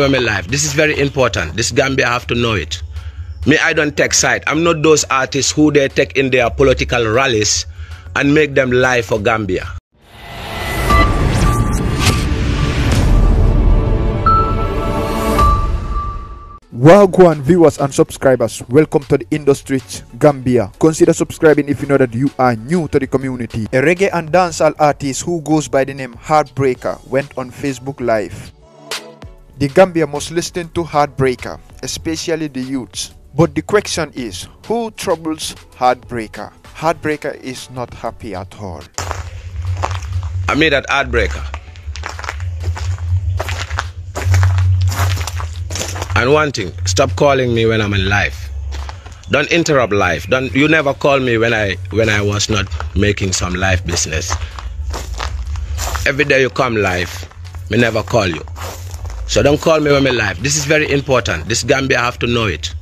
my life. This is very important. This Gambia have to know it. Me, I don't take side. I'm not those artists who they take in their political rallies and make them lie for Gambia. Welcome viewers and subscribers. Welcome to the industry, Gambia. Consider subscribing if you know that you are new to the community. A reggae and dancehall artist who goes by the name Heartbreaker went on Facebook Live the Gambia must listen to Heartbreaker, especially the youths. But the question is, who troubles Heartbreaker? Heartbreaker is not happy at all. I made that Heartbreaker. And one thing, stop calling me when I'm in life. Don't interrupt life. Don't you never call me when I when I was not making some life business. Every day you come life, me never call you. So don't call me when i live. This is very important. This Gambia have to know it.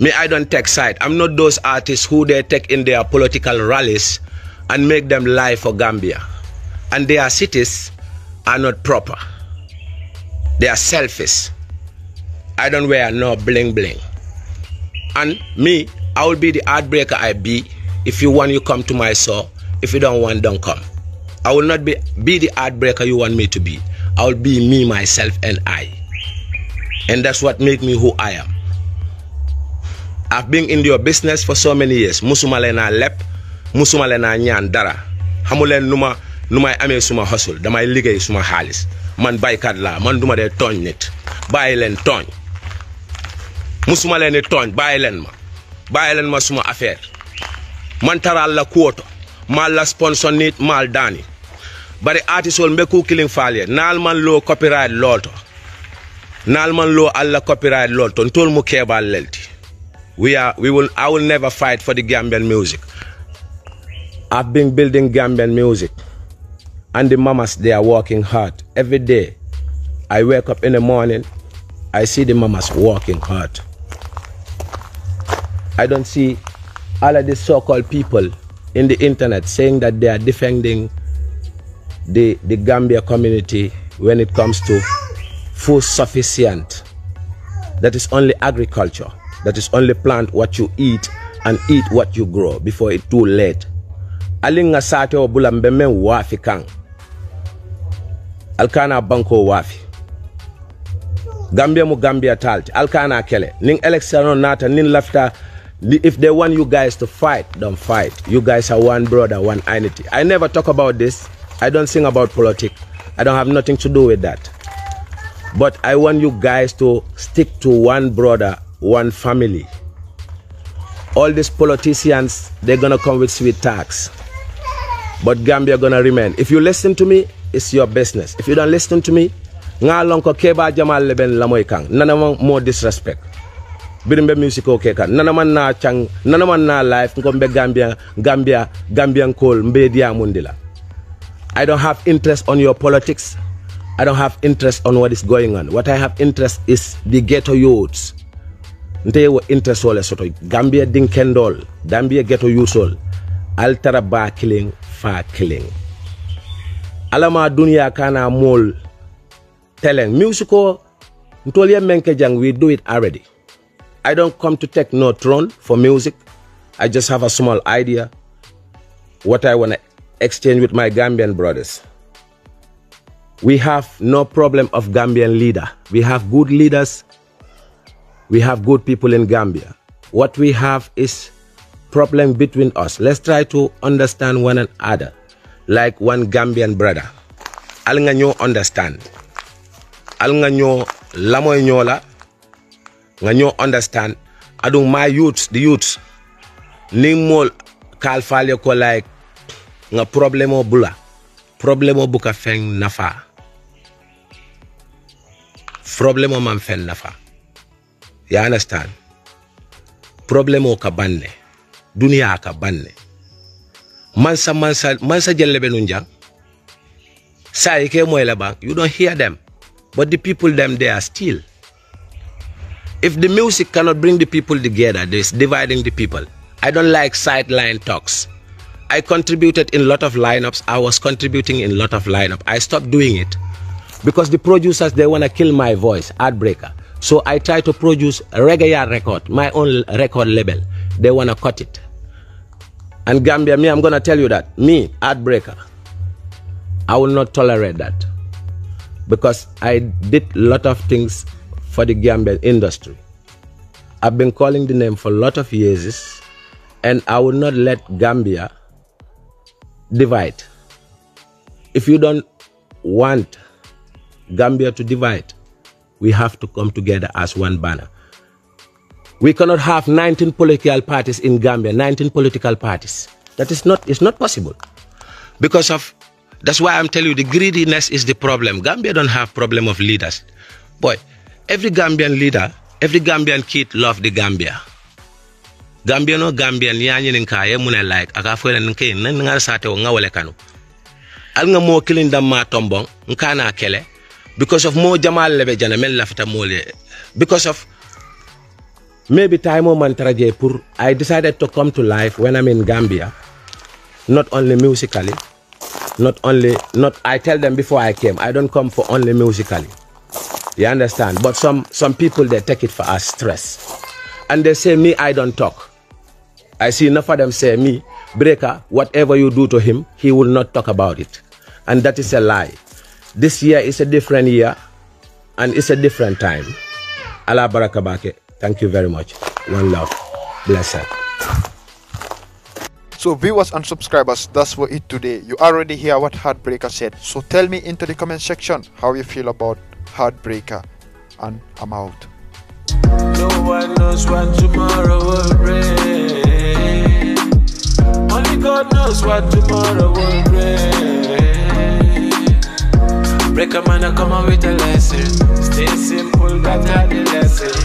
Me, I don't take side. I'm not those artists who they take in their political rallies and make them lie for Gambia. And their cities are not proper. They are selfish. I don't wear no bling bling. And me, I will be the heartbreaker I be. If you want, you come to my soul. If you don't want, don't come. I will not be, be the heartbreaker you want me to be. I'll be me, myself, and I. And that's what make me who I am. I've been in your business for so many years lepp musuma leen ñaan dara xamu leen nu ma nu may amee suma hustle damay liggéey suma xaalis man baykat laa man duma dee tooñ nit bàyyi leen tooñ musuma leen tooñ bàyyi leen ma bàyyi leen ma suma affaire man taral la kuwoto mal la sponsor nit daani bari artisol mbe killing failure. falye man lo copyright lolto man lo alla copyright lolto ntol mu kebal lelti we are we will i will never fight for the gambian music i've been building gambian music and the mamas they are working hard every day i wake up in the morning i see the mamas working hard i don't see all of these so-called people in the internet saying that they are defending the, the Gambia community when it comes to food sufficient. That is only agriculture. That is only plant what you eat and eat what you grow before it too late. Alinga sate obula mbeme wafi kang. Alkana banko wafi. Gambia mu Gambia talti. Alkana kele. Ning election nata nin lafta if they want you guys to fight, don't fight. You guys are one brother, one entity. I never talk about this I don't sing about politics. I don't have nothing to do with that. But I want you guys to stick to one brother, one family. All these politicians, they're gonna come with sweet tax. But Gambia gonna remain. If you listen to me, it's your business. If you don't listen to me, nga lon keba jamal leben lamoy kang. Nana more disrespect. birimbe music okay kan man na chang nana man na life ko Gambia gambia gambia gambian call mbe mundila I don't have interest on your politics. I don't have interest on what is going on. What I have interest is the ghetto youths. They were interested. all sort Gambia Dinkendol, Gambia ghetto youths all. Altara ba killing, fa killing. Alama dunia kana mol telling musical. menke menkejang, we do it already. I don't come to take no throne for music. I just have a small idea what I want to exchange with my Gambian brothers. We have no problem of Gambian leader. We have good leaders. We have good people in Gambia. What we have is problem between us. Let's try to understand one another like one Gambian brother. Al nga ñoo understand. Al nga ñoo lamoy ñoo la nga ñoo understand adu my youths the youths ning mol kalfal ko like nga problem o bula problem o buka fen nafa problem o man fen nafa you understand problem o ka dunia duniya mansa mansa mansa jelle be nun ke moy la you don't hear them but the people them they are still if the music cannot bring the people together, there's dividing the people. I don't like sideline talks. I contributed in a lot of lineups. I was contributing in a lot of lineup. I stopped doing it because the producers they wanna kill my voice, Heartbreaker. So I try to produce Reggae record, my own record label. They wanna cut it. And Gambia, me, I'm gonna tell you that me, Heartbreaker, I will not tolerate that because I did a lot of things for the Gambian industry. I've been calling the name for a lot of years, and I will not let Gambia divide. If you don't want Gambia to divide, we have to come together as one banner. We cannot have 19 political parties in Gambia, 19 political parties. That is not, it's not possible. Because of, that's why I'm telling you, the greediness is the problem. Gambia don't have problem of leaders. Boy, every Gambian leader, every Gambian kid love the Gambia gambian o gambian ya ñinin ka ye mune like aka fo len ke nan ngar sate o ngawale kanu al nga mo kilin dam ma tombon nkana kele because of mo jamal lebe jana mel lafta mole because of maybe time o man traje pour i decided to come to life when i'm in gambia not only musically not only not i tell them before i came i don't come for only musically you understand but some some people they take it for a stress and they say me i don't talk I see enough of them say me, Breaker, whatever you do to him, he will not talk about it. And that is a lie. This year is a different year and it's a different time. Allah Barakabake. Thank you very much. One love. Bless her. So viewers and subscribers, that's for it today. You already hear what Heartbreaker said. So tell me into the comment section how you feel about Heartbreaker. And I'm out. No what tomorrow will bring. Break a man, I come out with a lesson. Stay simple, that's the lesson.